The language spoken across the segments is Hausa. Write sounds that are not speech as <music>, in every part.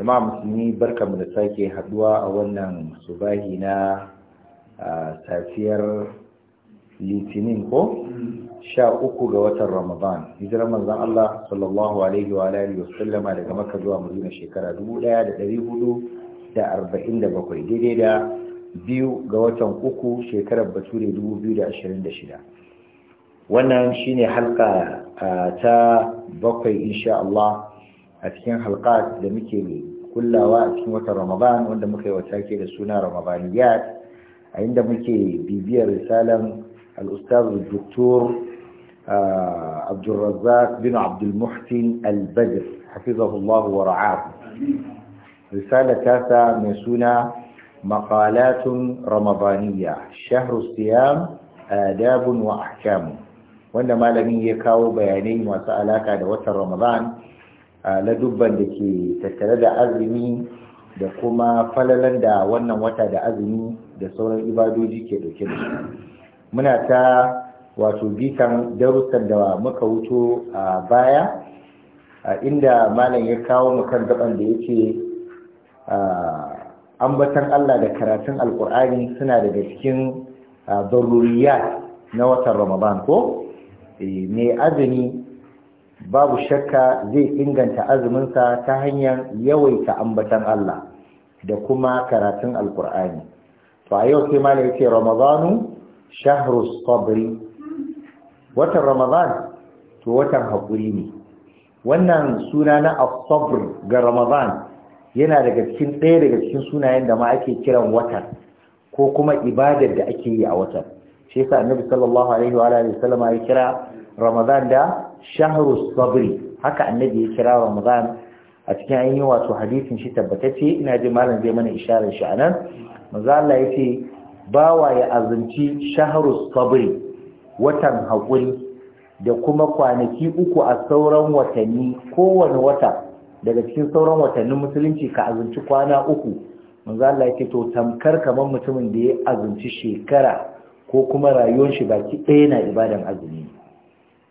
jama'a musulmi mu da sake haduwa a wannan subahi na safiyar litinin ko sha uku ga watan ramadan hijirar manzan Allah sallallahu alaihi wa alihi wa sallama daga maka zuwa madina shekara 1447 daidai da biyu ga watan uku shekarar bature 2026 wannan shine halka ta bakwai insha Allah a cikin halka da muke kullawa a cikin watan ramadan wanda muka yi wata ke da suna ramadaniyat a inda muke bibiyar risalan al-ustaz doktor abdulrazak bin abdulmuhsin al-badr hafizahullahu wa ra'ahu risala tasa mai suna مقالات رمضانية adabun wa آداب wanda malamin ya kawo bayanai masu alaka da watan ramadan. dubban da ke tattare da azumi da kuma falalan da wannan wata da azumi da sauran ibadoji ke dauke da shi muna ta wato bitan darussan da muka wuto a baya inda malam ya kawo mu kan gaban da yake ambatan Allah da karatun alkur'ani suna daga cikin daruriyat na watan ramadan ko eh, mai azumi babu shakka zai inganta azuminsa ta hanyar yawaita ambatan Allah da kuma karatun alkur'ani to a yau sai malai yake ramadanu shahrus sabri watan ramadan to watan hakuri ne wannan suna na as ga ramadan yana daga cikin ɗaya daga cikin sunayen da ma ake kiran watan ko kuma ibadar da ake yi a watan shi yasa annabi sallallahu alaihi wa alihi wasallama ya kira ramadan da shahru sabri haka annabi ya kira ramadan a cikin ainihin wato hadisin shi tabbatacce ina ji malam zai mana isharar shi anan manzo Allah yace bawa ya azunci shahru sabri watan hakuri da kuma kwanaki uku a sauran watanni kowane wata daga cikin sauran watannin musulunci ka azunci kwana uku manzo Allah yake to tamkar kaman mutumin da ya azunci shekara ko kuma rayuwar shi baki ɗaya na ibadan azumi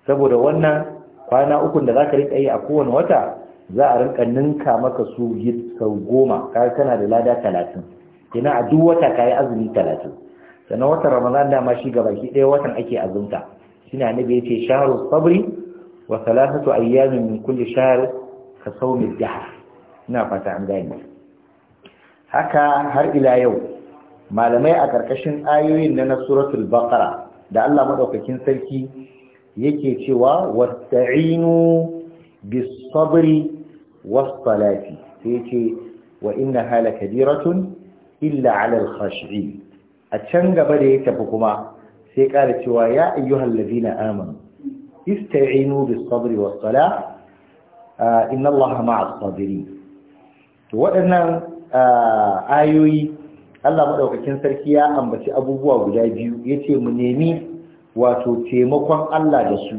saboda wannan kwana ukun da zaka rika yi a kowane wata za a rinka ninka maka su sau goma ka kana da lada talatin ina a duk wata ka yi azumi talatin sannan watan ramadan dama shi gaba ki ɗaya watan ake azumta shine annabi ya ce shahru sabri wa a ayyamin min kulli shahr ka sawmi dahar ina fata an gane haka har ila yau malamai a ƙarƙashin ayoyin na suratul baqara da Allah madaukakin sarki yake cewa wasta'inu bis sabri was salati sai yake wa inna hala kabiratun illa ala al khashi'in a can gaba da ya tafi kuma sai ƙara cewa ya ayyuhal ladina amanu ista'inu bis sabri was salah inna allaha ma'as sabirin to waɗannan ayoyi Allah madaukakin sarki ya ambaci abubuwa guda biyu yace mu nemi wato taimakon Allah da su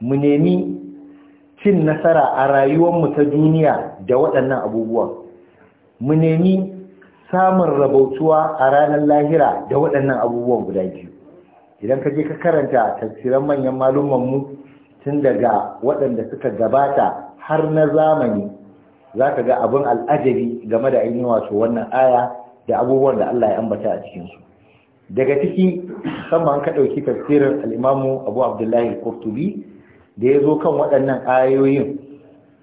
mu nemi cin nasara a rayuwar mu ta duniya da waɗannan abubuwan mu nemi samun rabautuwa a ranar lahira da waɗannan abubuwan guda biyu idan ka je ka karanta tafsiran manyan mu tun daga waɗanda suka gabata har na zamani za ka ga abin al'ajabi game da ainihin wato wannan aya da abubuwan da Allah ya ambata a cikinsu daga ciki musamman ka ɗauki tafsirin al'imamu abu abdullahi kurtubi da ya zo kan waɗannan ayoyin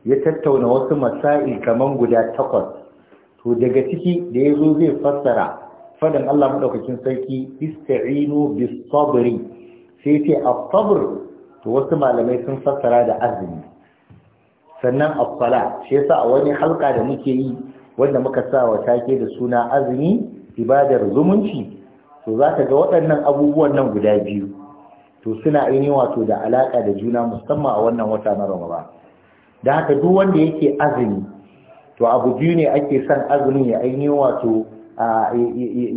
ya tattauna wasu masa'i kamar guda takwas to daga ciki da ya zo zai fassara fadin Allah maɗaukakin sarki ista'inu bis sabri sai ce a sabr to wasu malamai sun fassara da azumi sannan a sala shi yasa a wani halka da muke yi wanda muka sa wa take da suna azumi ibadar zumunci to za ka ga waɗannan abubuwan nan guda biyu to suna aini wato da alaƙa da juna musamman a wannan wata na ramaba da haka duk wanda yake azumi to abu biyu ne ake son azumin ya ainihin wato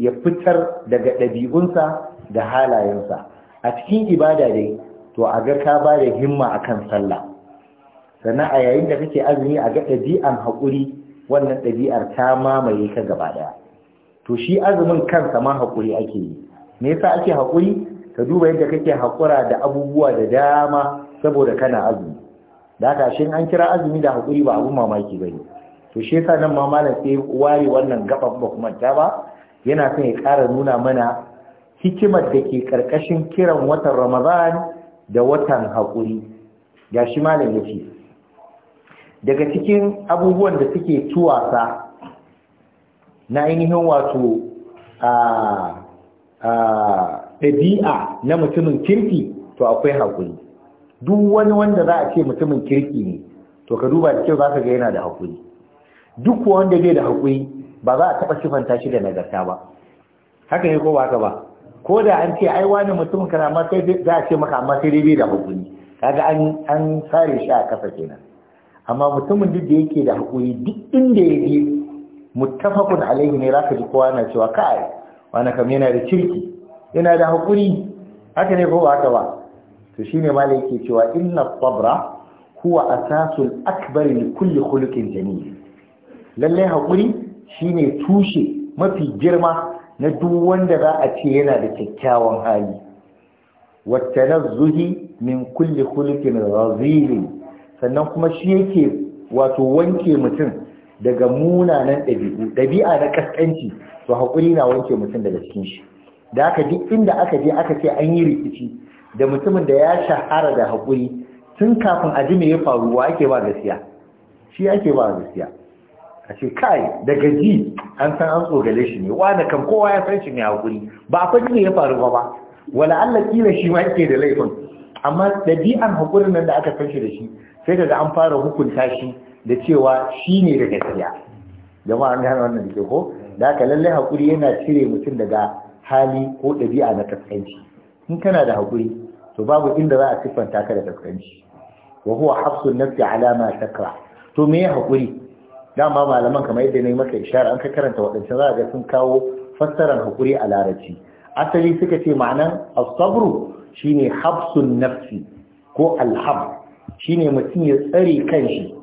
ya fitar daga ɗabi'unsa da halayensa a cikin ibada dai to a ga ka ba da himma akan sallah sannan a yayin da kake azumi a ga ɗabi'an haƙuri wannan ɗabi'ar ta mamaye ka gaba ɗaya to shi azumin kansa ma hakuri ake yi me yasa ake hakuri? ka duba yadda kake haƙura da abubuwa da dama saboda kana azumi da haka shin an kira azumi da hakuri ba abun mamaki ba to shi yasa nan ma malam sai ware wannan gaɓan ba kuma ta ba yana son ya ƙara nuna mana hikimar da ke ƙarƙashin kiran watan ramadan da watan haƙuri ga shi malam ya ce daga cikin abubuwan da suke tuwasa na ainihin wato a ɗabi'a na mutumin kirki to akwai haƙuri duk wani wanda za a ce mutumin kirki ne to ka duba da kyau za ka ga yana da haƙuri duk wanda bai da haƙuri ba za a taɓa sifanta shi da nagarta ba haka ne ko ba haka ba ko da an ce ai wani mutum kana ma za a ce maka amma sai dai da haƙuri kaga an an sare shi a kasa kenan amma mutumin duk da yake da haƙuri duk inda ya je muttafaqun alaihi ne zaka ji kowa yana cewa kai wani kam yana da kirki yana da hakuri haka ne ko haka ba to shine malai yake cewa inna sabra huwa asasul akbar li kulli khuluqin jamil lalle hakuri shine tushe mafi girma na duk wanda za a ce yana da kyakkyawan hali wattanazzuhi min kulli khuluqin razil sannan kuma shi yake wato wanke mutum daga munanan ɗabi'u ɗabi'a na ƙasƙanci, to haƙuri na wanke mutum daga cikin shi da aka duk inda aka je aka ce an yi rikici da mutumin da ya shahara da haƙuri tun kafin a ji me ya faru wa ake ba gaskiya shi ake ba gaskiya a ce kai daga ji an san an tsogale shi ne wani kan kowa ya san shi ne haƙuri ba a faɗi ne ya faru ba ba wala Allah kila shi ma yake da laifin amma ɗabi'an haƙurin nan da aka san shi da shi sai daga an fara hukunta shi da cewa shi ne da gaskiya jama'a an gane wannan ke ko da haka lallai haƙuri yana cire mutum daga hali ko ɗabi'a na kaskanci in kana da haƙuri to babu inda za a siffanta ka da kaskanci wa huwa hafsun nafsi ala ma takra to me ya haƙuri dama malaman kamar yadda na yi maka ishara an ka karanta waɗancan za a ga sun kawo fassarar haƙuri a larabci asali suka ce ma'anan asabru shine hafsun nafsi ko alhab shine mutum ya tsare kanshi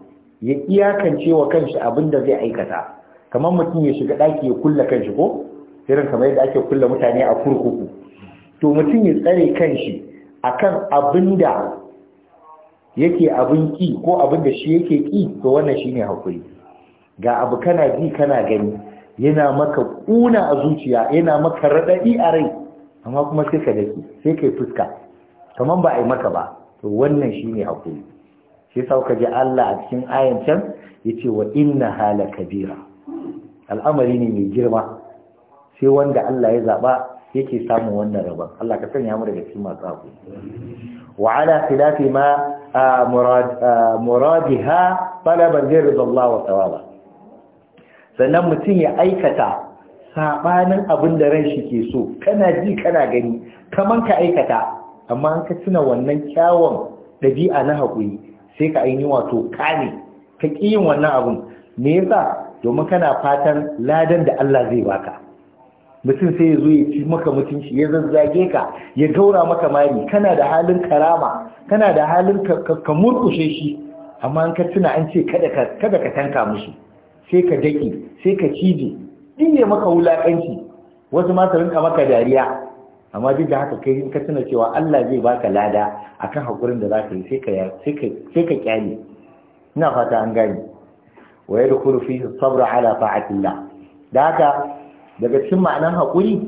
ya iyakance wa kanshi abin da zai aikata kamar mutum ya shiga ɗaki ya kulle kanshi ko irin kamar yadda ake kulle mutane a kurkuku to mutum ya tsare kanshi akan abin da yake abin ki ko abin da shi yake ki to wannan shine hakuri ga abu kana ji kana gani yana maka kuna a zuciya yana maka radadi a rai amma kuma sai ka daki sai kai fuska kamar ba a yi maka ba to wannan shine hakuri shi sauka ji Allah a cikin ayan can yace wa inna hala kabira al'amari ne mai girma sai wanda Allah ya zaɓa yake samun wannan rabon Allah ka sanya mu daga cikin masu haku wa ala khilafi ma muradiha talaban zai Allah wa sannan mutum ya aikata sabanin abin da ran shi ke so kana ji kana gani kaman ka aikata amma an ka tuna wannan kyawun dabi'a na hakuri sai ka aini wato kare ka ƙi yin wannan abun me yasa domin kana fatan ladan da Allah zai baka mutum sai ya zo ya ci maka mutunci ya zazzage ka ya gaura maka mari kana da halin karama kana da halin ka murkushe shi amma an ka tuna an ce kada ka kada ka tanka musu sai ka daki sai ka cije ne maka wulakanci wasu ma su rinka maka dariya amma duk da haka kai ka tuna cewa Allah zai baka lada akan hakurin da zaka yi sai ka sai ka kyale ina fata an gani wa yadkhulu fihi sabr ala ta'atillah da haka daga cikin ma'anar hakuri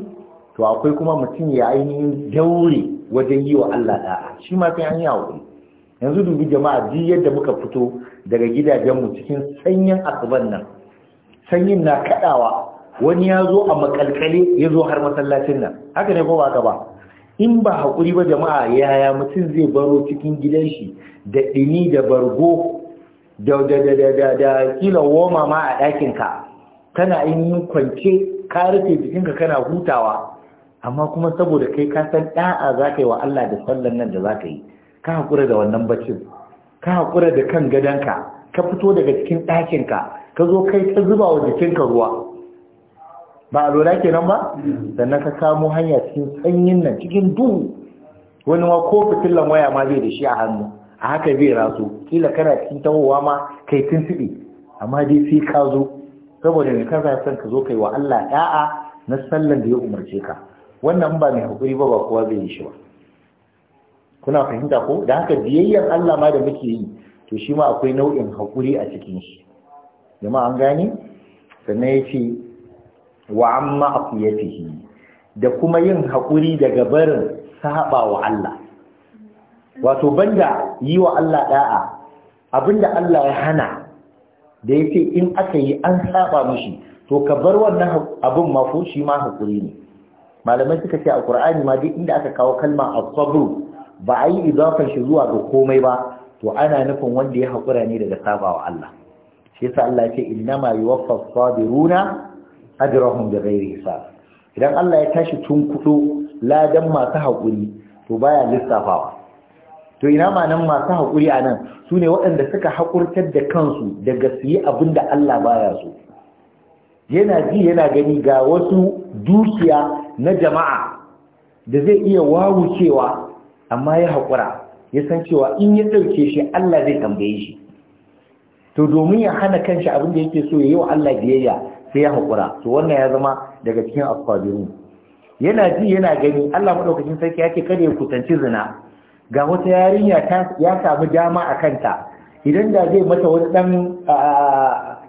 to akwai kuma mutum ya ainihin daure wajen yi wa Allah da'a shi ma sai an yi hakuri yanzu dubi jama'a ji yadda muka fito daga gidajenmu cikin sanyin asuban nan sanyin na kadawa wani ya zo a makalkale ya zo har masallacin nan haka ne ko ba ka ba in ba hakuri ba jama'a yaya mutum zai baro cikin gidan shi da ɗini da bargo da da da da da da kila woma ma a ɗakinka kana in yi kwance ka rufe jikinka kana hutawa amma kuma saboda kai ka san ɗa'a za ka yi wa Allah da sallan nan da za ka yi ka haƙura da wannan baccin ka haƙura da kan gadonka ka fito daga cikin ɗakinka ka zo kai ka zuba wa jikinka ruwa ba a lura nan ba sannan ka samu hanya cikin sanyin nan cikin duhu wani ma ko fitilan waya ma zai da shi a hannu a haka zai rasu. kila kana cikin tahowa ma kai tun tuntuɓe amma dai sai ka zo saboda ne ya san ka zo kai wa Allah da'a na sallan da ya umarce ka wannan ba mai hakuri ba ba kowa zai yi shi ba kuna fahimta ko da haka biyayyar Allah ma da muke yi to shi ma akwai nau'in hakuri a cikin shi jama'a an gane sannan ya ce wa amma aqiyatihi da kuma yin hakuri daga barin saba wa Allah wato banda yi wa Allah da'a abinda Allah ya hana da yake in aka yi an saba mishi to ka bar wannan abin ma ko shi ma hakuri ne malamai suka ce a Qur'ani ma duk inda aka kawo kalma as-sabr ba a yi idafan shi zuwa ga komai ba to ana nufin wanda ya hakura ne daga sabawa Allah shi yasa Allah ya ce innama yuwaffas sabiruna ajrahum bi ghairi hisab idan Allah ya tashi tun tunkudo ladan masu hakuri to baya lissafawa to ina ma nan masu hakuri anan sune waɗanda suka hakurtar da kansu daga su yi abinda Allah baya so yana ji yana gani ga wasu dukiya na jama'a da zai iya cewa amma ya haƙura ya san cewa in ya ɗauke shi Allah zai tambaye shi to domin ya hana kanshi abin da yake so ya yi wa Allah biyayya sai ya haƙura to wannan ya zama daga cikin asfabiru yana ji yana gani Allah madaukakin sarki ya ce kada ya kusanci zina ga wata yarinya ta ya samu dama a kanta idan da zai mata wani dan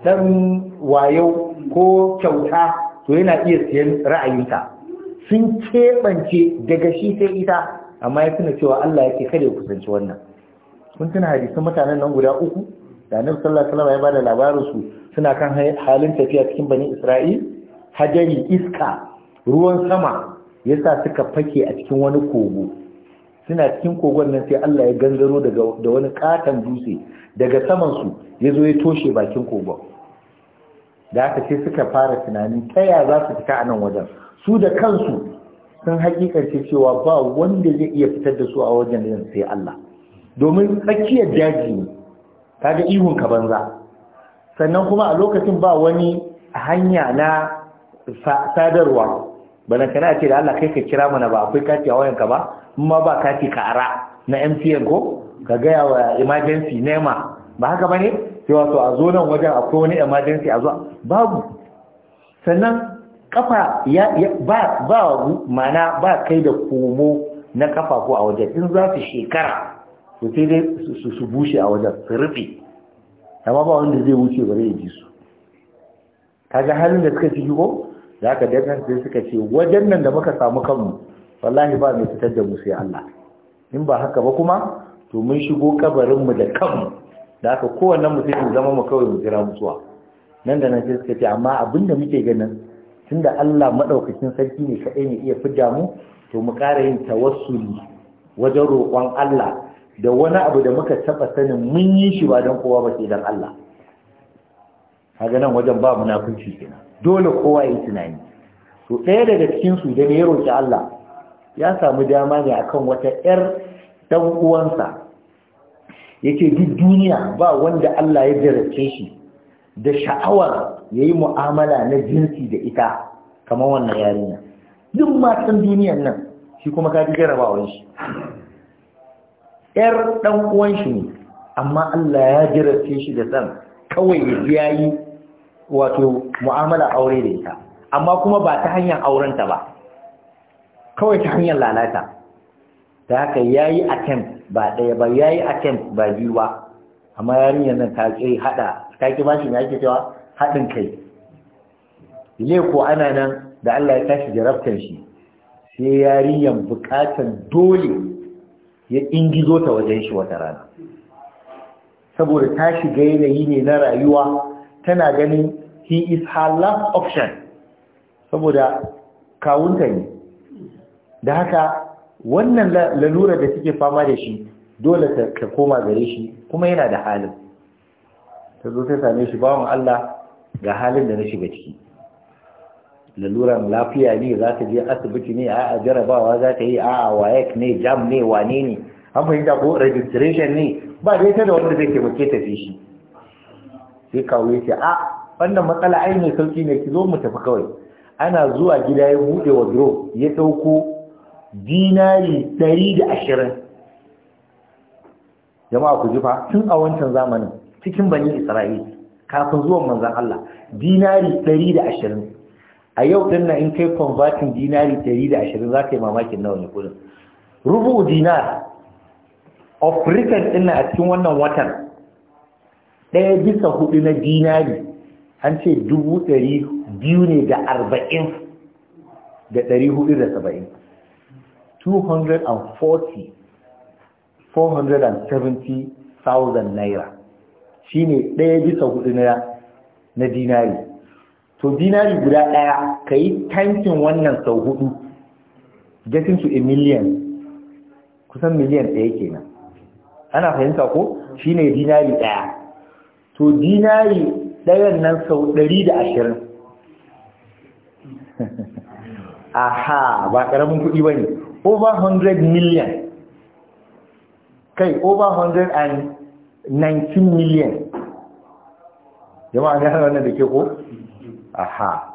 dan wayo ko kyauta to yana iya siyan ra'ayinta sun keɓance daga shi sai ita amma ya tuna cewa Allah ya ce kada ya kusanci wannan kun tuna hadisan mutanen nan guda uku da annabi sallallahu ya bada labarin su suna kan halin tafiya cikin bani Isra'il Hajari, iska ruwan sama yasa suka fake a cikin wani kogo suna cikin kogon nan sai Allah ya gangaro daga da wani katon dutse daga saman su ya zo ya toshe bakin kogon da aka ce suka fara tunani ta ya za su fita a nan wajen su da kansu sun hakikance cewa ba wanda zai iya fitar da su a wajen sai Allah domin tsakiyar daji ne kaga ihun ka banza sannan kuma a lokacin ba wani hanya na sadarwa bana kana ce da Allah kai ka kira mana ba akwai kati a wayanka ba amma ba kati ka ara na MTN ko ka gaya wa emergency nema ba haka bane sai wato a zo nan wajen akwai wani emergency a zo babu sannan kafa ya ba ba mana ba kai da komo na kafa ko a wajen in za su shekara Su sai dai su bushe a wajen su rufe amma ba wanda zai wuce bare ya ji su ga halin da suka ciki ko da aka daga sai suka ce wajen nan da muka samu kanmu wallahi ba mai fitar da mu sai Allah in ba haka ba kuma to mun shigo kabarin mu da kanmu da aka kowannen mu sai mu zama mu kawai mu jira mutuwa nan da nan sai suka ce amma abin da muke ganin tunda Allah madaukakin sarki ne kaɗai ne iya fidda mu to mu ƙara yin tawassuli wajen roƙon Allah da wani abu da muka taba sanin mun yi shi ba don kowa ba sai don Allah kaga nan wajen ba munafunci kenan dole kowa ya yi tunani to ɗaya daga cikin su da ya roki Allah ya samu dama ne akan wata ƴar dan uwansa yake duk duniya ba wanda Allah ya jarace shi da sha'awar yayi mu'amala na jinsi da ita kamar wannan yarinya duk matan duniyan nan shi kuma ka ji jarabawan shi yar ɗan uwan shi ne amma Allah ya jirace shi da san kawai ya yi wato mu'amala aure da ita amma kuma ba ta hanyar aurenta ba kawai ta hanyar lalata Da haka ya yi attempt ba ɗaya ba ya yi attempt ba biyu ba amma yarinyar nan ta ce haɗa ta ki bashi ne ake cewa haɗin kai ile ko ana nan da Allah ya tashi jarabtan shi sai yarinyar buƙatan dole ya ingizo ta wajen shi wata rana saboda ta shiga yanayi ne na rayuwa tana ganin he is her last option saboda kawunta ne da haka wannan lalura da suke fama da shi dole ta koma gare shi kuma yana da halin ta zo ta same shi bawan Allah ga halin da na shiga ciki laluran lafiya ne za ta je asibiti ne a jarabawa za ta yi a wayek ne jam ne wane ne an fahimta ko registration ne ba dai ta da wanda zai taimake ta fi shi sai kawo ya ce a wannan matsala ai mai sauki ne ki zo mu tafi kawai ana zuwa gida ya buɗe wa duro ya ɗauko dinari ɗari da ashirin jama'a ku ji fa tun a wancan zamanin cikin bani isra'ila kafin zuwan manzan Allah dinari ɗari da ashirin a yau din nan in kai converting dinari 120 za ka yi mamakin nawa ne kudin rubu dinar of return din a cikin wannan watan ɗaya bisa hudu na dinari an ce dubu ɗari biyu ne da arba'in da ɗari hudu da saba'in 240 470,000 naira shi ne ɗaya bisa hudu na dinari to dinari guda ɗaya ka yi tankin wannan sau hudu getting to a million kusan miliyan ɗaya kenan ana fahimta ko shi ne dinari ɗaya to dinari ɗayan nan sau ɗari da ashirin <laughs> aha ba ƙaramin kuɗi ba ne over 100 million kai over 119 million jama'a gane wannan da ke ko aha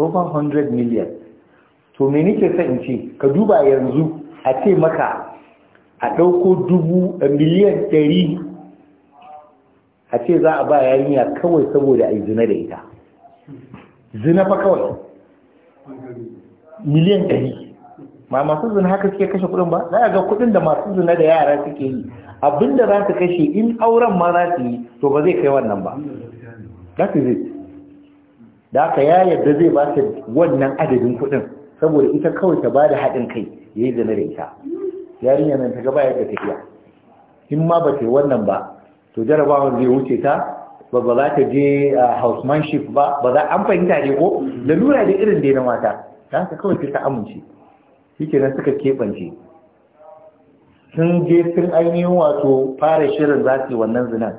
over 100 million to me ke sa in ce ka duba yanzu a ce maka a ɗauko dubu a miliyan ɗari a ce za a ba yarinya kawai saboda a yi zina da ita zina fa kawai miliyan ɗari ma masu zina haka suke kashe kuɗin ba za a ga kuɗin da masu zina da yara suke yi abinda za su kashe in auren ma za su yi to ba zai kai wannan ba that is it da aka ya yadda zai ba ta wannan adadin kuɗin saboda ita kawai ta ba da haɗin kai ya yi zane da ita yarinya nan ta gaba yadda tafiya in ma ba ta yi wannan ba to jarabawar zai wuce ta ba ba za ta je housemanship ba ba za an fahimta ne ko lalura da irin da na mata ta haka kawai ta amince shi nan suka keɓance sun je sun ainihin wato fara shirin za su yi wannan zinan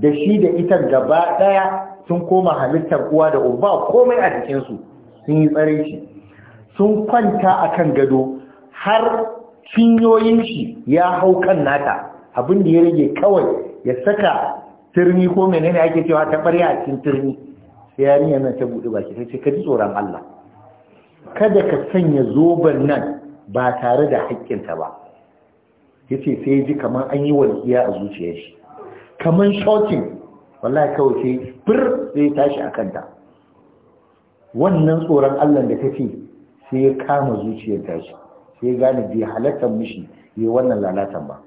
da shi da ita gaba ɗaya sun koma halittar uwa da uba komai a jikinsu sun yi tsare shi sun kwanta a kan gado har cinyoyin shi ya hau kan nata abin da ya rage kawai ya saka turmi ko menene ake cewa ta ɓarya a cikin turmi sai yarinyar nan ta buɗe baki sai ce ka ji tsoron Allah kada ka sanya zoben nan ba tare da haƙƙinta ba yace sai ji kamar an yi walƙiya a zuciyar shi kamar shocking wallahi kawai sai fir zai tashi a kanta wannan tsoron Allah da kake sai ya kama zuciyar tashi sai ya gane bai halatta mishi ya wannan lalatan ba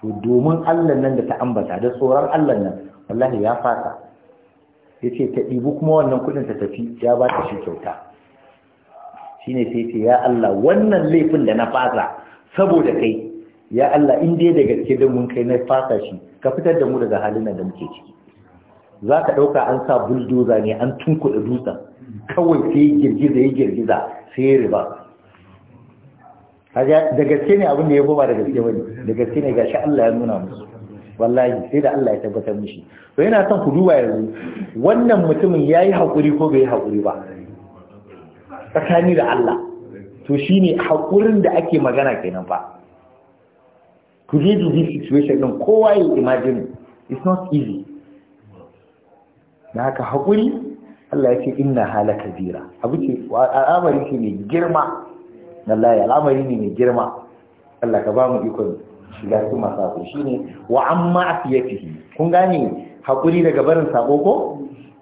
to domin Allah nan da ta ambata da tsoron Allah nan wallahi ya fasa yace ta ɗibi kuma wannan kuɗin ta tafi ya ba ta shi kyauta shine sai ce ya Allah wannan laifin da na fasa saboda kai ya Allah in dai da gaske da mun kai na fasa shi ka fitar da mu daga halin da muke ciki za ka ɗauka an sa buldoza ne an da dutsen kawai sai girgiza ya girgiza sai ya riba da gaske ne abinda ya ba da gaske wani da gaske ne gashi Allah ya nuna musu wallahi sai da Allah ya tabbatar mishi to yana son ku duba yanzu wannan mutumin ya yi haƙuri ko bai yi haƙuri ba tsakani da Allah to shine haƙurin da ake magana kenan ba. ku je dubi situation ɗin kowa ya imagine it's not easy na haka haƙuri Allah ya ce inna hala kabira abu ce al'amari ce mai girma wallahi al'amari ne mai girma Allah ka ba mu ikon shiga su masu haƙuri ne wa amma afiyatihi kun gane haƙuri daga barin sako ko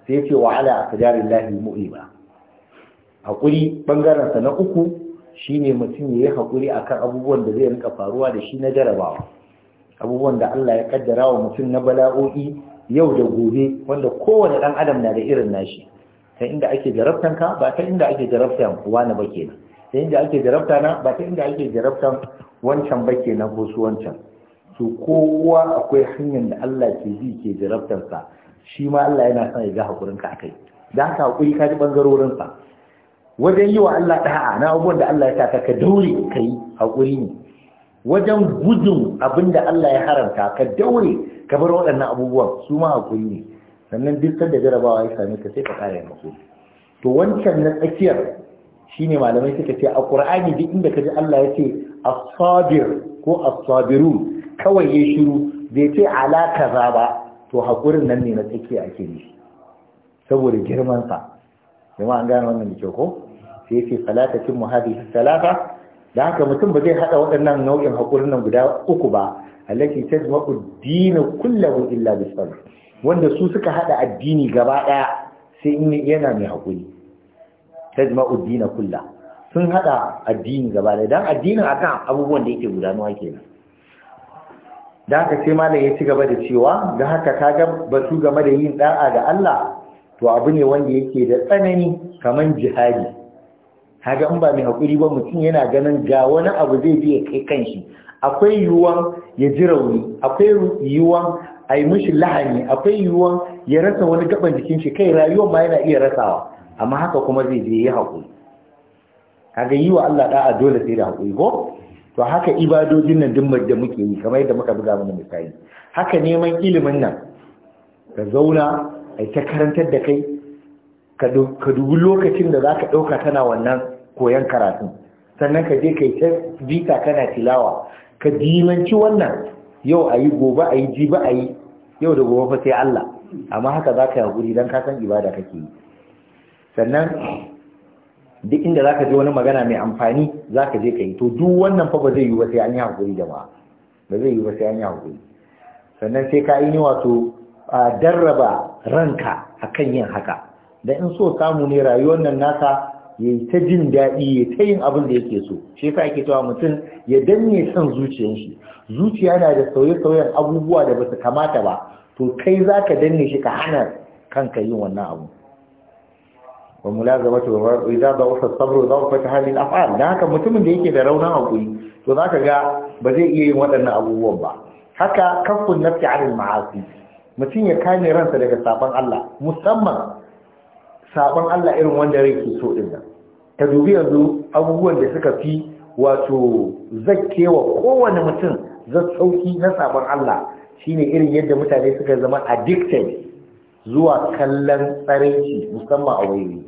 sai ya ce wa ala aqdarillahi mu'iba haƙuri bangaren sa na uku shine mutum ya yi haƙuri akan abubuwan da zai rinka faruwa da shi na jarabawa abubuwan da Allah ya kaddara wa mutum na bala'o'i yau da gobe wanda kowane ɗan adam na da irin nashi ta inda ake jarabtan ba ta inda ake jarabtan wani ba kenan ta inda ake jarabta ba ta inda ake jarabtan wancan ba kenan ko su wancan to kowa akwai hanyar da Allah ke ji ke jarabtan sa shi ma Allah yana son ya ga hakurin ka kai dan haka hakuri ka ji bangarorin sa wajen yi wa Allah da'a na abubuwan da Allah ya sa ka daure kai hakuri ne wajen gudun abin da Allah ya haramta ka daure ka bar waɗannan abubuwan su ma hakuri ne sannan duk sanda jarabawa ya same ka sai ka ƙara mako to wancan na tsakiyar shine malamai suka ce a Qur'ani duk inda ji Allah ya ce as-sabir ko as-sabirun kawai ya shiru bai ce ala kaza ba to hakurin nan ne na tsakiya ake yi saboda girman sa jama'a an gane wannan da ko sai yace salatatin muhadith salata da haka mutum ba zai hada waɗannan nau'in hakurin nan guda uku ba allati tajma'u ad-din kullahu illa wanda su suka haɗa addini gaba daya sai yana mai hakuri tajma'u ad-din sun hada addini gaba daya dan addinin akan abubuwan da yake gudanuwa kenan da haka sai malam ya ci gaba da cewa ga haka kaga batu game da yin ɗa'a ga Allah to abu ne wanda yake da tsanani kaman jihadi kaga in ba mai haƙuri ba mutum yana ganin ga wani abu zai biya kai kanshi akwai yiwuwan ya ji rauni akwai yiwuwan a yi mishi lahani akwai yiwuwan ya rasa wani gaban jikin shi kai rayuwar ma yana iya rasawa amma haka kuma zai je ya haƙuri kaga yi wa Allah da'a dole sai da haƙuri ko to haka ibadojin nan duk da muke yi kamar yadda muka buga mana misali haka neman ilimin nan ka zauna ai ta karantar da kai ka dubi lokacin da za ka ɗauka tana wannan koyon karatu sannan ka je ka yi ta bita kana tilawa ka dimanci wannan yau a yi gobe a yi ba a yi yau da gobe fa sai Allah amma haka za ka yi haƙuri don kasan ibada kake yi sannan duk inda za ka je wani magana mai amfani za ka je ka yi to duk wannan fa ba zai yi ba sai an yi haƙuri jama'a ba zai yi ba sai an yi haƙuri sannan sai ka yi ni wato darraba ranka akan yin haka da in so samu ne rayuwar nan naka ya yi ta jin daɗi ya ta yin abin da yake so shi ka ake cewa mutum ya danne son zuciyar shi zuciya na da sauye-sauyen abubuwa da basu kamata ba to kai za ka danne shi ka hana kanka yin wannan abu wa mulazamatu wa sabro, za ku fata halin af'al da haka mutumin da yake da raunin hakuri to za ka ga ba zai iya yin waɗannan abubuwan ba haka kafin nafsi 'ala maasi mutum ya kame ransa daga sabon Allah musamman Sabon Allah irin wanda rai ke so din nan Ta dubi yanzu abubuwan da suka fi wato zakkewa kowane mutum zatsauki na sabon Allah shine irin yadda mutane suka zama addicted zuwa kallon tsaraici musamman a wayoyi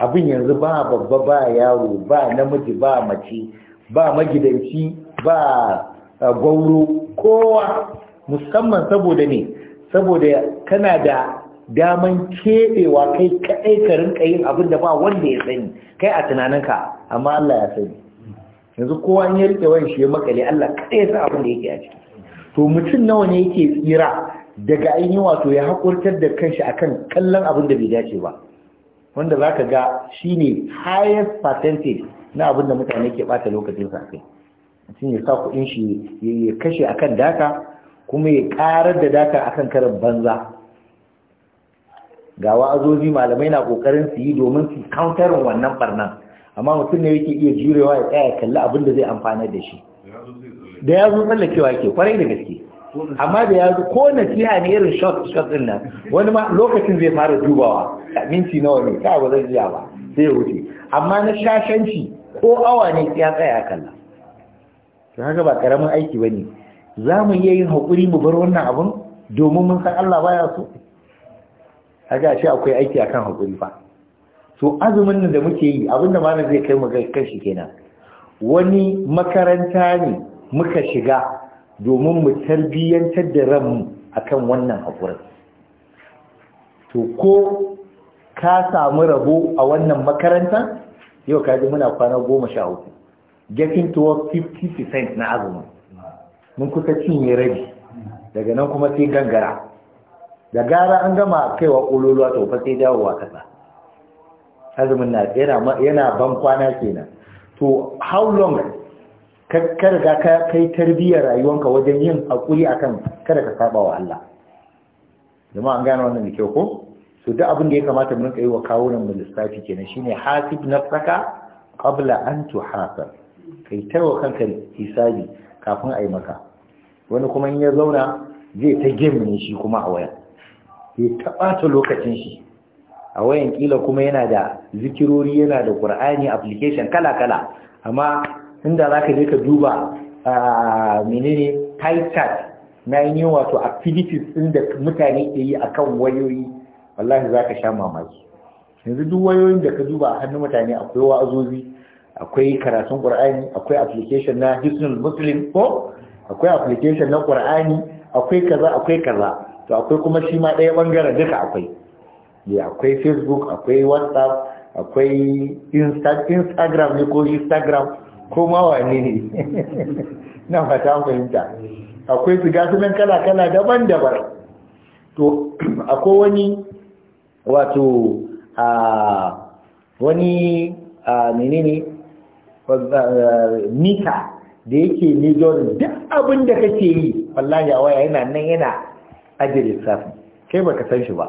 abin yanzu ba babba ba yaro ba namiji ba mace ba magidanci ba gwauro kowa musamman saboda ne saboda kana da daman keɓewa kai kaɗai ka rinka yin abin da ba wanda ya sani kai a tunaninka amma Allah ya sani yanzu kowa in ya rike wani shi ya makale Allah kaɗai ya san abin da yake a ciki to mutum nawa ne yake tsira daga ainihin wato ya haƙurtar da kanshi akan kallon abin da bai dace ba wanda za ka ga shi ne highest percentage na abin da mutane ke ɓata lokacin sa kai mutum ya sa kuɗin shi ya kashe akan daka, kuma ya ƙarar da daka akan karin banza ga wa'azozi malamai na kokarin su yi domin su kauntarin wannan barnan amma mutum ne yake iya jurewa ya tsaya kalli abin da zai amfana da shi da ya zo tsallakewa ke kwarai da gaske amma da ya zo ko nasiha ne irin shot shot din nan wani ma lokacin zai fara dubawa minti nawa ne ta ba zan jiya ba sai ya wuce amma na shashanci ko awa ne ya tsaya kalla to haka ba karamin aiki bane za mu iya yin haƙuri mu bar wannan abin domin mun san Allah baya so kaga shi akwai aiki akan haƙuri fa to azumin nan da muke yi abinda malam zai kai mu kai shi kenan wani makaranta ne muka shiga domin mu tarbiyyantar da ranmu akan wannan haƙurin to ko ka samu rabo a wannan makaranta yau ka ji muna kwana goma sha uku getting to 50% na azumin mun kusa cinye rabi daga nan kuma sai gangara da gara an gama kaiwa ƙololuwa to fa sai dawowa kasa azumin na yana yana ban kwana kenan to how long ka riga ka kai tarbiyyar rayuwanka wajen yin hakuri akan kada ka saba wa Allah jama'a an gane wannan da kyau ko to duk abin da ya kamata mu rinka yi wa kawunan mu lissafi kenan shine hasib nafsaka qabla an tuhasab kai tawo kanka hisabi kafin a maka wani kuma in ya zauna zai ta game ne shi kuma a waya ya ɓata lokacin shi a wayan kila kuma yana da zikirori yana da qur'ani application kala-kala amma inda zaka je ka duba a menene tight na yi wato activities ɗin da mutane ke yi akan wayoyi wallahi zaka sha mamaki yanzu duk wayoyin da ka duba a hannun mutane akwai wa'azozi akwai karatun qur'ani akwai application na hisnul muslim ko akwai application na qur'ani akwai kaza akwai kaza to akwai kuma shi ma ɗaya ɓangaren duka akwai ya akwai facebook akwai whatsapp akwai instagram ne ko instagram ko mawane ne <laughs> na fata fahimta akwai su gasu nan kala-kala daban-daban to <clears throat> akwai wani wato a wani a menene mita da yake ne jordan duk abin da kake yi wallahi a waya yana nan yana ajiye lissafi kai baka san shi ba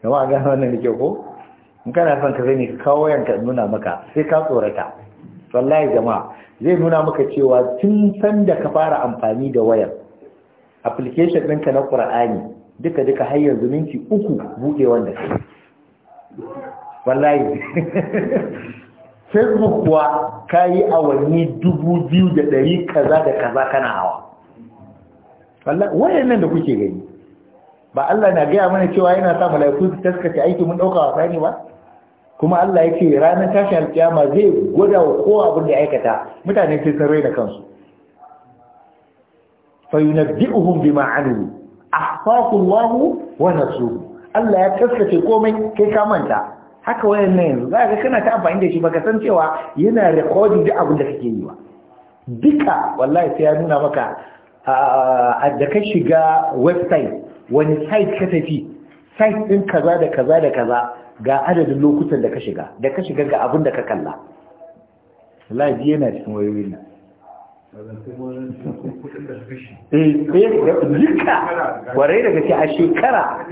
kuma a gano wannan nike ko in kana son ka sani kawo yanka nuna maka sai ka tsorata wallahi jama'a zai nuna maka cewa tun san da ka fara amfani da wayar application ɗinka na ƙura'ani duka duka har yanzu uku buɗe wanda kai wallahi <laughs> facebook kuwa ka yi awanni dubu biyu da ɗari kaza da kaza kana hawa wayannan da kuke gani ba Allah na gaya mana cewa yana sa mala'iku su taskace aiki mun dauka wasa ne ba kuma Allah yake ranar tashin alkiyama zai gwada wa kowa abin da aikata mutane sai sun da kansu fa yunabbi'uhum bima amilu ahsaqu Allahu wa nasu Allah ya taskace komai kai ka manta haka wayannan yanzu za kana ta amfani da shi baka san cewa yana recording duk abin da kake yi ba duka wallahi sai ya nuna maka da ka shiga website wani site ka tafi site ɗin kaza da kaza da kaza ga adadin lokutan da ka shiga da ka shiga ga abin da ka kalla laji yana cikin wayoyin nan eh, eh, duka kwarai daga ce a shekara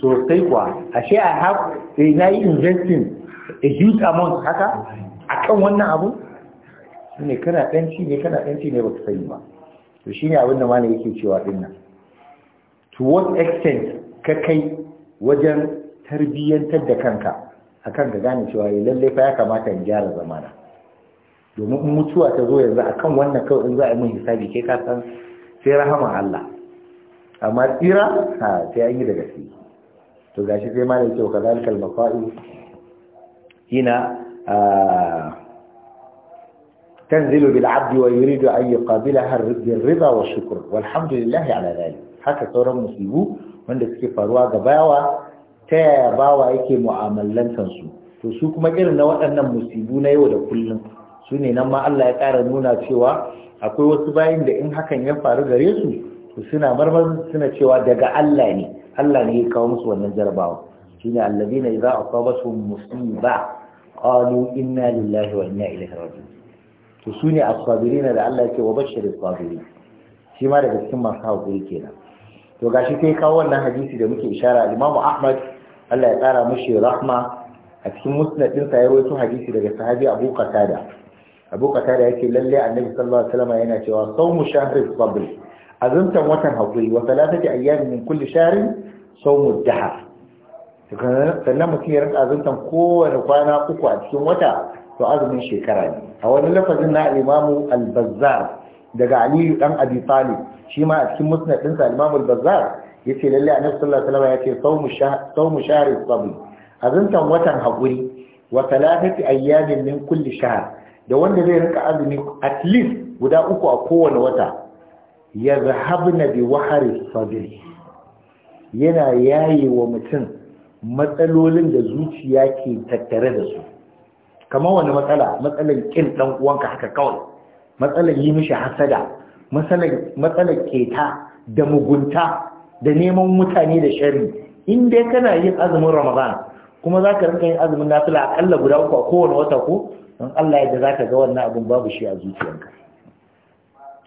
sosai kuwa ashe a have eh, na yi investing a huge amount haka akan wannan abu ne kana ɗanci ne kana ɗanci ne ba ta sayi ba to shine abin da malai yake cewa dinnan to what extent ka kai wajen tarbiyyantar da kanka a kan ka gane cewa eh, lallai fa ya kamata in gyara zamana domin in mutuwa ta zo yanzu akan wannan kawai in za a yi min hisabi kai ka san sai rahama Allah amma tsira ha sai an yi da gaske to gashi sai malai cewa kazalika al mafa'i hina ah, tanzilu bil abdi wa yuridu an yuqabilaha birrida wa shukr walhamdulillahi ala dhalik haka sauran musibu wanda suke faruwa ga bawa ta yaya bawa yake mu'amalantar su to su kuma irin na waɗannan musibu na yau da kullun. su ne ma Allah ya ƙara nuna cewa akwai wasu bayan da in hakan ya faru gare su to suna marmar suna cewa daga Allah ne Allah ne ya kawo musu wannan jarabawa shine allazina idza asabatuhum musiba qalu inna lillahi wa inna to su ne da Allah yake wa bashir asabiri shi ma daga cikin masu haƙuri kenan to gashi sai kawo wannan hadisi da muke ishara Imam Ahmad Allah ya tsara mushi rahma a cikin musnadin sa ya rawaito hadisi daga sahabi Abu Qatada Abu Qatada yake lalle Annabi sallallahu alaihi wasallam yana cewa sawmu shahri sabr azumtan watan haƙuri wa thalathati ayyamin min kulli shahrin sawmu dahar sannan mutum ya rinka azumtan kowane kwana uku a cikin wata to azumin shekara ne a wani lafazin na imamu al daga aliyu dan abi talib shi ma a cikin musnad din sa imamu al yace lalle annabi sallallahu alaihi wasallam yace sawmu sawmu shahri sabr azumtan watan hakuri wa thalathati ayyamin min kulli shahr da wanda zai rika azumi at least guda uku a kowane wata yazhabna bi wahari sabr yana yayi wa mutum matsalolin da zuciya ke tattare da su kamar wani matsala matsalan kin ɗan uwanka haka kawai matsalan yi mishi hasada matsalan matsalan keta da mugunta da neman mutane da sharri in dai kana yin azumin ramadan kuma za ka rinka yin azumin nafila akalla guda uku a kowane wata ko don Allah yadda za ka ga wannan abin babu shi a zuciyanka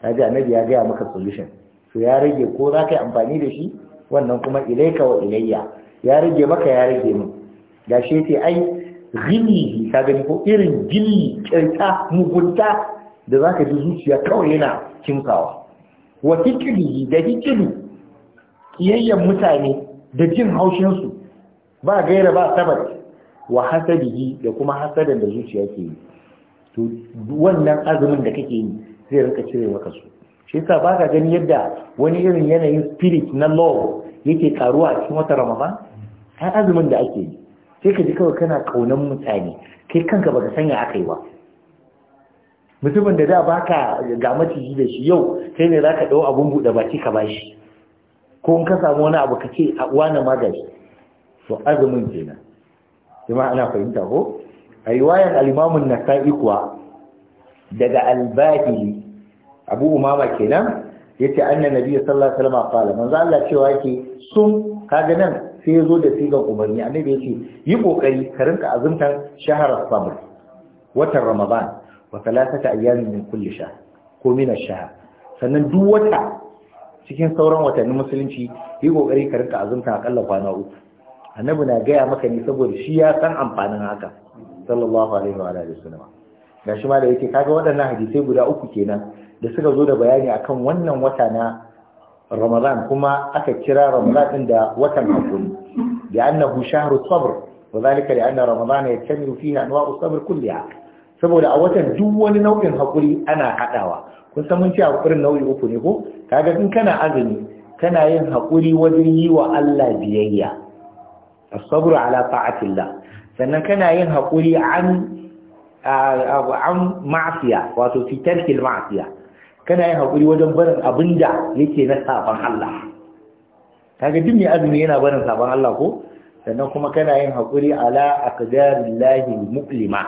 ta ji annabi ya gaya maka solution so ya rage ko za ka yi amfani da shi wannan kuma ilaika wa ilayya ya rage maka ya rage min ga shi ai gini ka gani ko irin gini kyauta mugunta da za ka ji zuciya kawai yana kinkawa wa hikili da hikili kiyayyen mutane da jin haushinsu ba gaira ba sabar wa hasadihi da kuma hasadan da zuciya ke yi to wannan azumin da kake yi zai rinka cire maka su shi yasa baka gani yadda wani irin yanayin spirit na law yake karuwa a cikin wata ramadan Ka azumin da ake yi sai ka ji kawai kana kaunan mutane kai kanka baka sanya aka yi ba mutumin da da baka ga maciji da shi yau kai ne za ka dau abun bude baki ka bashi ko in ka samu wani abu ka ce a wani magani to azumin kenan kuma ana fahimta ko a riwayar al-Imam an-Nasa'i kuwa daga al-Bahili Abu Umama kenan yace anna Nabi sallallahu alaihi wasallam qala manzo Allah cewa yake sun kaga nan sai ya zo da sigan umarni annabi ya ce yi kokari ka rinka azumtar shahar sabr watan ramadan wa talatata ayyamin min kulli shahr ko min ash sannan duk wata cikin sauran watannin musulunci yi kokari ka rinka azumta akalla kwana uku annabi na gaya maka ne saboda shi ya san amfanin haka sallallahu alaihi wa alihi wasallam gashi ma da yake kaga waɗannan hadisai guda uku kenan da suka zo da bayani akan wannan wata na ramadan kuma aka kira ramadan ɗin da watan hakuri da annahu shahru sabr wa zalika li anna ramadan yatamilu fihi anwa'u sabr saboda a watan duk wani nau'in hakuri ana haɗawa, kun san mun ce hakurin nau'i uku ne ko kaga in kana azumi kana yin hakuri wajen yi wa Allah biyayya as alafa ala ta'atillah sannan kana yin hakuri a an ma'asiya wato fi kana yin haƙuri wajen barin abin da yake na sabon Allah kaga duk mai azumi yana barin saban Allah ko sannan kuma kana yin haƙuri ala aqdarillahi muqlima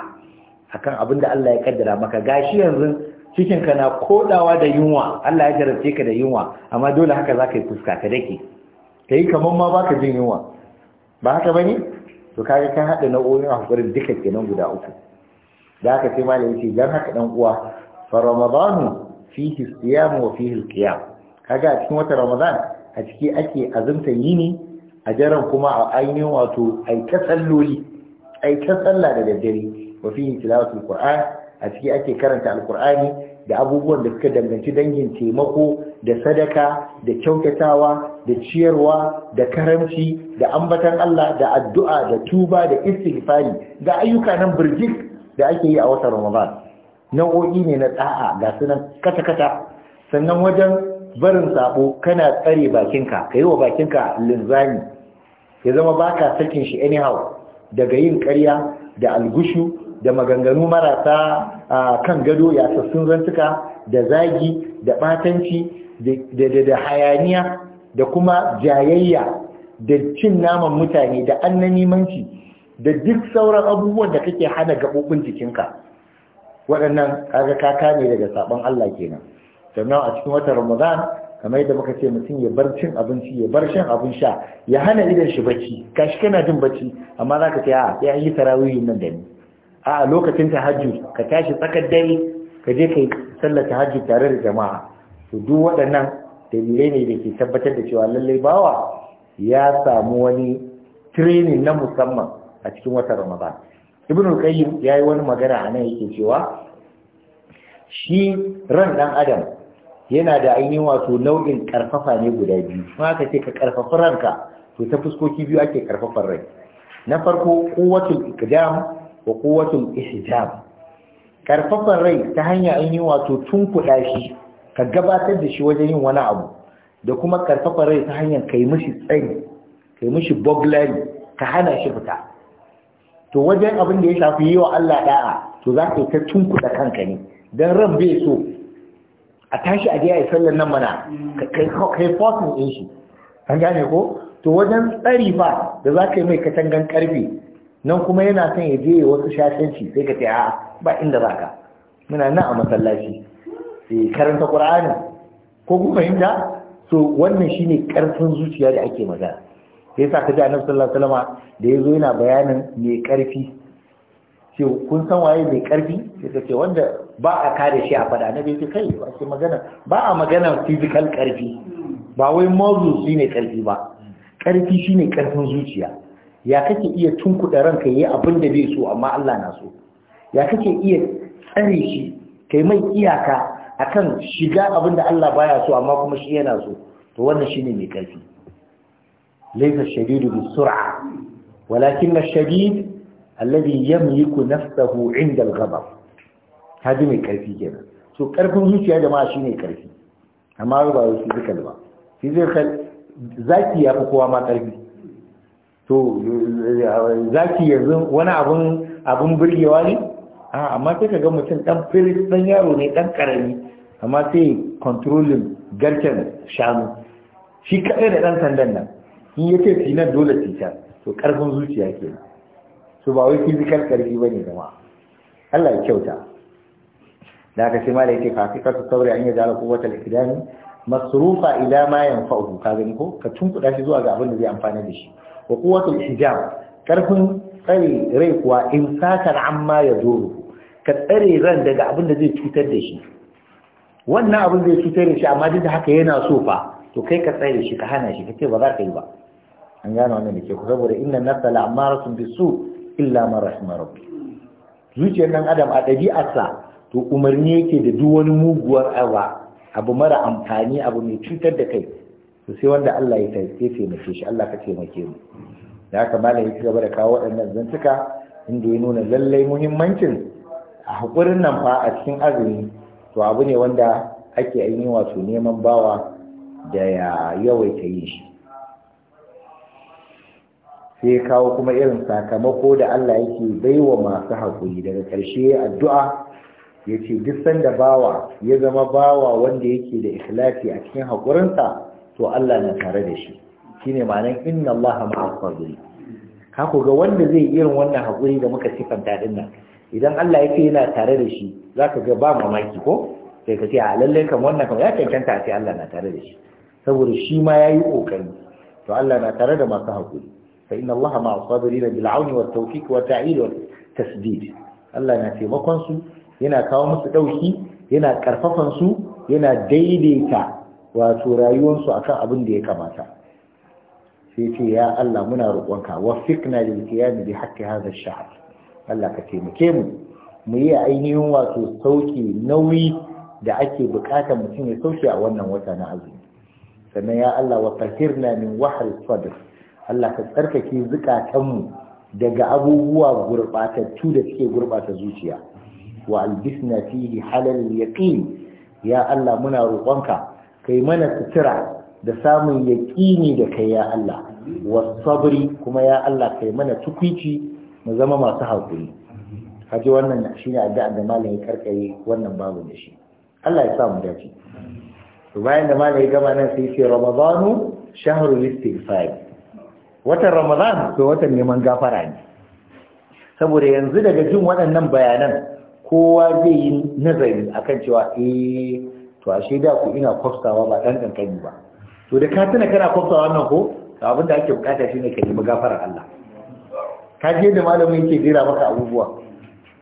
akan abin da Allah ya kaddara maka gashi yanzu cikin ka na kodawa da yunwa Allah ya jarabce ka da yunwa amma dole haka zaka yi fuska ka dake kai kaman ma baka jin yunwa ba haka bane to kaga kan hada nau'o'in haƙurin duka kenan guda uku da haka sai malami ce dan haka ɗan uwa fa ramadanu fihi siyam wa fihi alqiyam kaga a cikin watan ramadan a ciki ake azumta yini a jaran kuma a ainihin wato aika ta salloli sallah da daddare wa fihi tilawatul qur'an a ciki ake karanta alqur'ani da abubuwan da suka danganci dangin taimako da sadaka da kyautatawa da ciyarwa da karamci da ambatan Allah da addu'a da tuba da istighfari da ayyuka nan birjik da ake yi a watan Ramadan nau'o'i ne na da'a ga sunan kata-kata sannan wajen barin sabo kana tsare bakinka ka yi wa bakinka linzami ya zama baka sakin shi anyhow daga yin karya, da algushu da maganganu marasa kan gado ya sassun zantuka da zagi da batanci da hayaniya da kuma jayayya da cin naman mutane da annanimanci da duk sauran abubuwan da kake hana gaɓoɓin jikinka waɗannan kaga kaka kame daga sabon Allah kenan sannan a cikin watan Ramadan kamar yadda muka ce mutum ya bar cin abinci ya bar shan abin sha ya hana idan shi bacci kashi kana jin bacci amma za ka ce a sai yi tarawihin nan da ni a lokacin tahajju ka tashi tsakar dare ka je ka yi sallar tare da jama'a to duk waɗannan dalilai ne da ke tabbatar da cewa lallai bawa ya samu wani training na musamman a cikin watan Ramadan Ibn al-Qayyim yi wani magana a nan yake cewa shi ran ɗan adam yana da ainihin wato nau'in karfafa ne guda biyu kuma aka ce ka karfafa ranka to ta fuskoki biyu ake ƙarfafan rai na farko quwwatul iqdam wa quwwatul ihjam Ƙarfafan rai ta hanya ainihin wato kuɗa shi ka gabatar da shi wajen yin wani abu da kuma ƙarfafan rai ta hanyar kai mishi tsari kai mishi boglari ka hana shi fita to wajen abin da ya shafi yi wa Allah da'a to za ka yi ta kuɗa kanka ne dan ran bai so a tashi a jiya a sallar nan mana mm. kai kai fosin din shi an gane ko to wajen tsari fa da za ka yi mai katangan karfi nan kuma yana son ya je wasu shashanci sai ka ce a ba inda za ka muna nan a masallaci sai eh, karanta qur'ani ko ku fahimta to wannan shine karfin zuciya da ake magana sai sa ka ji annabi sallallahu alaihi wasallama da yazo yana bayanin mai karfi ce kun san waye mai karfi sai ce wanda ba a kare shi a fada na bai kai ba ce magana ba a magana physical karfi ba wai shi shine karfi ba karfi shine karfin zuciya ya kake iya tunkuɗa ranka yi abin da bai so amma Allah na so ya kake iya tsare shi kai mai iyaka akan shiga abin da Allah baya so amma kuma shi yana so to wannan shine mai karfi laysa shadidu sura. walakin na shadid alladhi yamliku nafsahu inda al-ghadab haji mai karfi kenan To karfin zuciya jama'a shine karfi amma ba wai physical ba physical zaki ya fi kowa ma karfi to zaki yanzu wani abun abun burgewa ne a amma sai kaga mutum dan firis dan yaro ne dan karami amma sai controlling garken shanu shi kadai da dan sandan nan in yace tinan dole tita to karfin zuciya kenan su ba wai fizikal karfi ba ne zama Allah ya kyauta da aka ce mala yake fafikar su saurayi an yi zara kowata likidani masrufa ila ma yanfa'uhu ka gani ko ka tunkuda shi zuwa ga abin da zai amfana da shi wa quwwatul hijab karfin tsare rai kuwa imsakan amma yaduru ka tsare ran daga abin da zai cutar da shi wannan abin zai cutar da shi amma duk da haka yana so fa to kai ka tsare shi ka hana shi ka ce ba za ka yi ba an gano wannan da ke ku saboda inna nafsa la'amaratun bisu illa man rahima rabbi zuciyar nan adam a ɗabi'arsa to umarni yake da duk wani muguwar aba abu mara amfani abu mai cutar da kai to sai wanda Allah ya taimake shi Allah ka taimake mu da haka malam ya gaba da kawo waɗannan zantuka inda ya nuna lallai muhimmancin a haƙurin nan fa a cikin azumi to abu ne wanda ake ainihin wato neman bawa da ya yawaita yin shi sai kawo kuma irin sakamako da Allah yake baiwa masu haƙuri daga ƙarshe addu'a ya ce duk da bawa ya zama bawa wanda yake da ikhlasi a cikin haƙurinsa to Allah na tare da shi shine ma'anar inna Allah ma'al ka ku ga wanda zai irin wannan haƙuri da muka sifanta din nan idan Allah yake yana tare da shi za ka ga ba mamaki ko sai ka ce a lalle kan wannan kan ya cancanta a ce Allah na tare da shi saboda shi ma ya yi ƙoƙari, to Allah na tare da masu haƙuri فإن الله مع الصابرين بالعون والتوفيق والتعيل والتسديد Allah na taimakon su yana kawo masu ɗauki, yana karfafan su yana daidaita wato rayuwarsu a kan abin da ya kamata sai ce ya Allah muna roƙonka waffiqna lil qiyam bi haqqi hadha ash-sha'r Allah ka taimake mu mu yi ainihin wato sauki nauyi da ake bukatar mutum ya sauke a wannan wata na azumi sannan ya Allah wa tahirna min wahri sadr Allah ka tsarkake zukatanmu daga abubuwa gurbatattu da suke gurbata zuciya wa albisna fihi halal yaqin ya Allah muna roƙonka kai mana sutura da samun yaqini da kai ya Allah wa sabri kuma ya Allah kai mana tukwici mu zama masu hakuri kaji wannan shine addu'a da malamin karkare wannan babu da shi Allah ya sa mu dace bayan da malami gama nan sai sai ramadanu shahrul istighfar watan ramadan to watan neman gafara ne saboda yanzu daga jin waɗannan bayanan kowa zai yi nazari akan cewa eh to ashe da ku ina kwaftawa ba ɗan ƙanƙani ba to da ka tuna kana kwaftawa nan ko to abin da ake bukata shine ka nemi gafara Allah ka je da malamin yake jira maka abubuwa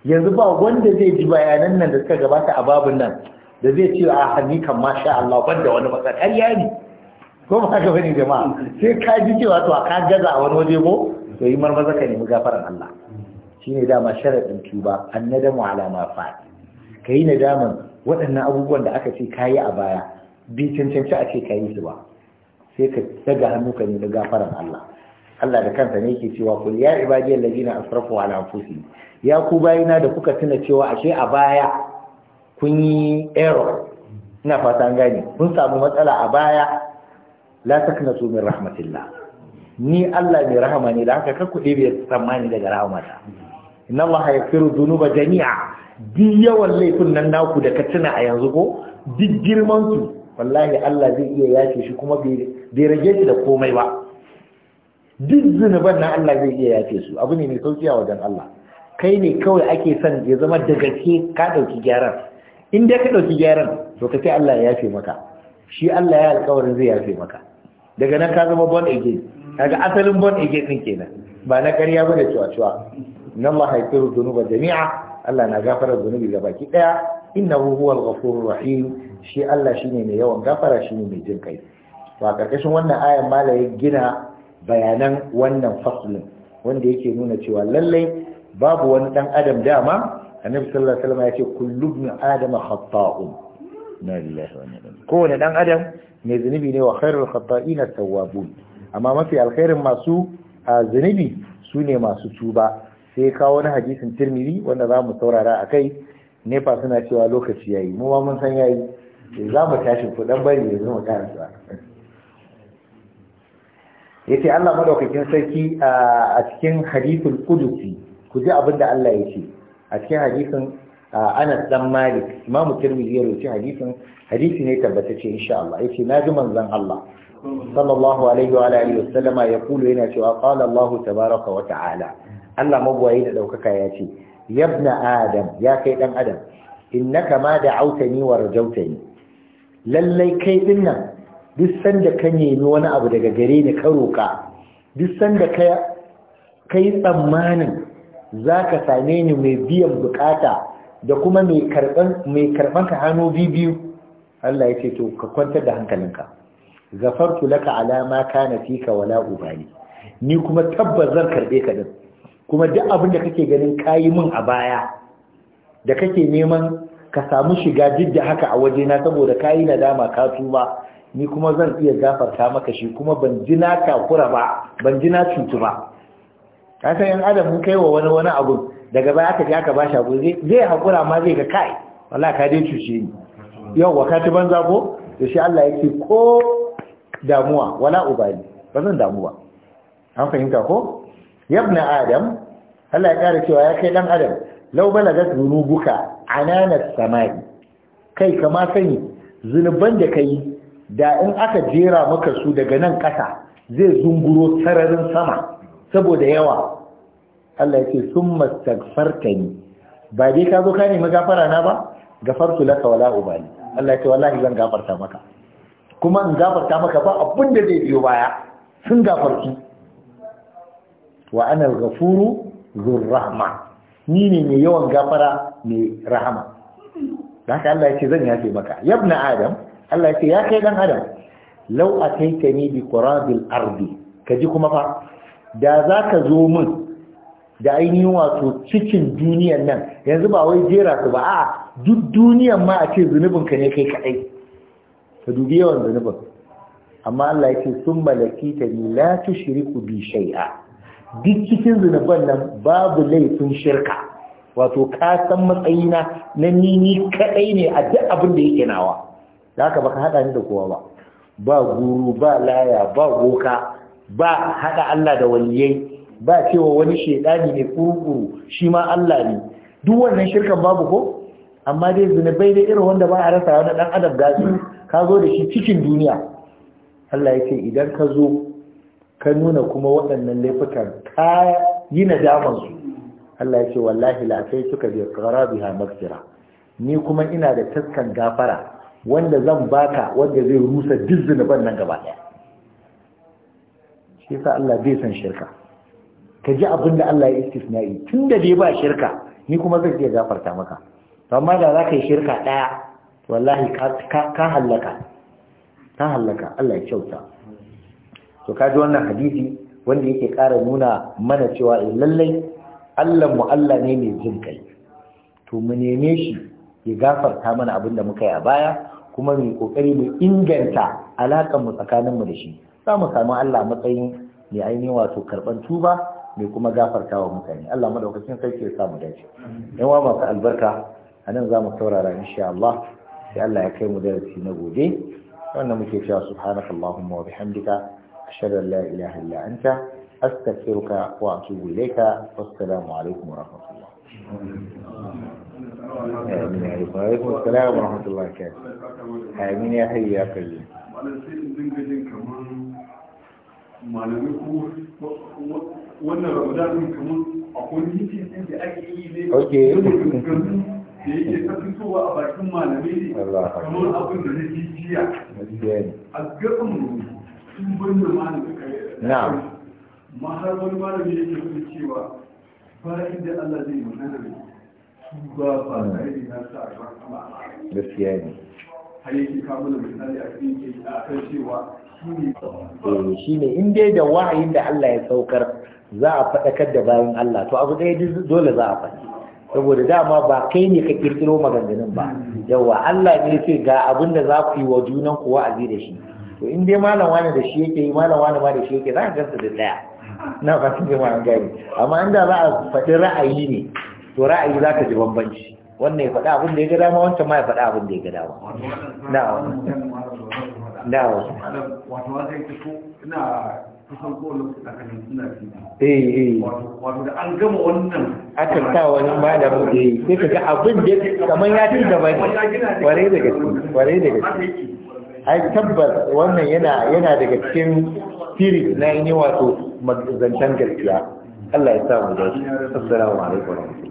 yanzu ba wanda zai ji bayanan nan da suka gabata a babun nan da zai ce a ah, hannikan masha Allah banda wani har yani ko ba ka bane jama'a sai ka ji cewa to ka gaza a wani waje ko to yi marmaza ka nemi gafaran Allah shine dama sharadin tuba annadamu ala ma fa kai nadaman waɗannan abubuwan da aka ce kayi a baya bi cancanci a ce kayi su ba sai ka daga hannu ka nemi gafaran Allah Allah da kansa ne yake cewa kul ya ibadiyal alladina asrafu ala anfusi ya ku bayina da kuka tuna cewa ashe a baya kun yi error ina fata an gane kun samu matsala a baya la taknatu min rahmatillah ni Allah mai rahama ne da haka kakku ɗebe ya tsammani daga rahamata inna Allah yaghfiru dhunuba jami'a duk yawan laifin nan naku da ka tuna a yanzu ko duk girman su wallahi Allah zai iya yace shi kuma bai rage shi da komai ba duk zunuban nan Allah zai iya yace su abu ne mai sauki a wajen Allah kai ne kawai ake son ya zama da gaske ka ɗauki gyaran in dai ka ɗauki gyaran to ka sai Allah ya yafe maka shi Allah ya alƙawarin zai yafe maka daga nan ka zama born again daga asalin born again din kenan ba na ƙarya ba da cuwa-cuwa inna Allah haifiru jami'a Allah na gafara dunubi ga baki daya innahu huwal ghafurur rahim shi Allah shine mai yawan gafara shine mai jin kai to a karkashin wannan ayan mala gina bayanan wannan faslin wanda yake nuna cewa lallai babu wani dan adam dama annabi sallallahu alaihi wasallam ya ce kullu ibn adam khata'un na lillahi wa inna kowane dan adam mai zunubi ne wa khairul khata'ina tawwabun amma mafi alkhairin masu zunubi su ne masu tuba sai kawo wani hadisin tirmidhi wanda za mu saurara a kai nefa suna cewa lokaci yayi mu ma mun san yayi eh, za mu tashi ku dan bari yanzu mu karanta yace Allah madaukakin sarki a cikin hadithul qudsi ku ji abin da Allah ya ce a cikin hadisin Anas dan Malik Imam Tirmidhi ya rawaito hadisin hadisi ne tabbatacce insha Allah yace naji manzon Allah sallallahu alaihi wa alihi wasallama yaqulu yana cewa qala Allah tabaaraka wa ta'ala Allah mabwayi da daukaka yace yabna adam ya kai dan adam innaka ma da'awtani wa rajautani lallai kai dinnan duk sanda ka nemi wani abu daga gare ni ka roka duk sanda ka kai tsammanin zaka same ni mai biyan bukata da kuma mai karɓar ka hannu biyu Allah ya ce to ka kwantar da hankalinka zafartu laka ala ma kana fika wala ubali ni kuma tabbas zan karbe ka din kuma duk abin da kake ganin kayi min a baya da kake neman ka samu shiga duk haka a waje na saboda kayi nadama ka tuba ni kuma zan iya gafarta maka shi kuma ban ji na takura ba ban ji na cutu ba ka san yan adam kai wa wani wani abu daga baya aka je aka ba shi zai hakura ma zai ga kai wallahi ka dai cuce ni yau wa ka ci banza ko to shi Allah yake ko damuwa wala ubali ba zan damu ba an fahimta ko yabna adam Allah ya kara cewa ya kai dan adam law balagat dhunubuka anana samai kai kama sani zunuban da kai da in aka jera maka su daga nan kasa zai zunguro sararin sama saboda yawa Allah ya ce sun summa tagfartani ba dai ka zo ka nemi gafara na ba gafartu laka wala ubali Allah ya ce wallahi zan gafarta maka kuma in gafarta maka ba abin da zai biyo baya sun gafarci wa ana al-ghafuru dhur rahma ni ne mai yawan gafara mai rahama haka Allah ya ce zan yafe maka yabna adam Allah ya ce ya kai dan adam law ataitani bi qurabil ardi kaji kuma fa da zaka zo mun. da ainihin wato cikin duniyan nan yanzu ba wai jera su ba a duk duniyan ma a ce zunubinka ne kai kadai ka dubi yawan zunubin amma Allah ya ce sun malaki ta ni la shiriku bi shai'a. duk cikin zunuban nan babu laifin shirka wato ka san matsayina na ni ni kadai ne a duk abin da yake nawa da haka baka haɗa ni da kowa ba ba guru ba laya ba boka ba haɗa Allah da waliyai ba cewa wani shaidani ne kuru shi ma Allah ne duk wannan shirkan babu ko amma dai bai da irin wanda ba a rasa wani dan adam gasi ka zo da shi cikin duniya Allah ya ce idan ka zo ka nuna kuma waɗannan laifukan ka yi su. Allah ya ce wallahi la sai suka bi qarabiha maghfira ni kuma ina da taskan gafara wanda zan baka wanda zai rusa duk ban nan gaba ɗaya shi yasa Allah bai san shirka ka ji abin da Allah ya istisna'i tun da bai ba shirka ni kuma zai iya gafarta maka amma da za ka yi shirka ɗaya wallahi ka hallaka ta hallaka Allah ya kyauta to kaji wannan hadisi wanda yake ƙara nuna mana cewa eh, lallai Allah mu Allah ne mai jin kai to mu neme shi ya gafarta mana abin da muka yi a baya kuma mu kokari mu inganta alakan mu tsakanin mu da shi za mu samu Allah matsayin mai ainihin wato karban tuba mai kuma gafarta wa mutane Allah madaukakin sarki ya samu dace in wa maka albarka anan nan za mu saurara insha Allah sai Allah ya kai mu darasi na gobe wannan muke cewa subhanaka allahumma wa bihamdika ashhadu an la ilaha illa anta astaghfiruka wa atubu ilayka wassalamu alaikum wa rahmatullah amin wa alaikum wa rahmatullahi wa barakatuh amin ya hayyu ya qayyum malamai ko wannan ramadan din kamar akwai mitin din da ake yi ne okay da yake ta fitowa a bakin malamai ne kamar abin da nake jiya a gaban mu sun banda malamin kare na'am mahar wani malami yake nuna cewa bayan da Allah zai magana ne su ba ba hmm. tare da ya sa a gaskiya ne har yake kawo da misali a cikin a kan cewa eh, shi ne in dai da wahayin da Allah ya saukar za a faɗakar da bayan Allah to abu ɗaya dole za a faɗi saboda dama ba kai ne ka kirkiro maganganun ba yawa Allah ne ce ga abin da za ku yi wa junan ku wa'azi da shi to in dai malam wani da shi yake yi malam wani ma da shi yake za ka gansa da ɗaya na ba su jima an gani amma inda za a faɗi ra'ayi ne to ra'ayi za ka ji bambanci wannan ya faɗa abin da ya ga dama wancan ma ya faɗa abin da ya ga dama na'am na'am wato ina kusan kowane eh, eh. wato da an gama wannan Akan sa wani malam. da sai ka ga abin da kamar ya ci gaba ne Kware da gaske kware da gaske ai tabbas wannan yana yana daga cikin spirit na yi wato zancen gaskiya Allah ya sa mu da assalamu alaikum